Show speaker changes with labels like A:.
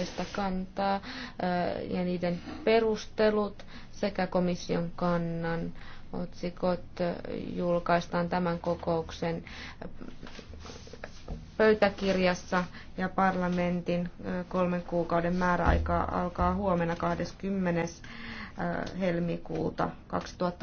A: yhteistä kantaa ja niiden perustelut sekä komission kannan otsikot julkaistaan tämän kokouksen pöytäkirjassa ja parlamentin kolmen kuukauden määräaika alkaa huomenna 20. helmikuuta
B: 2000.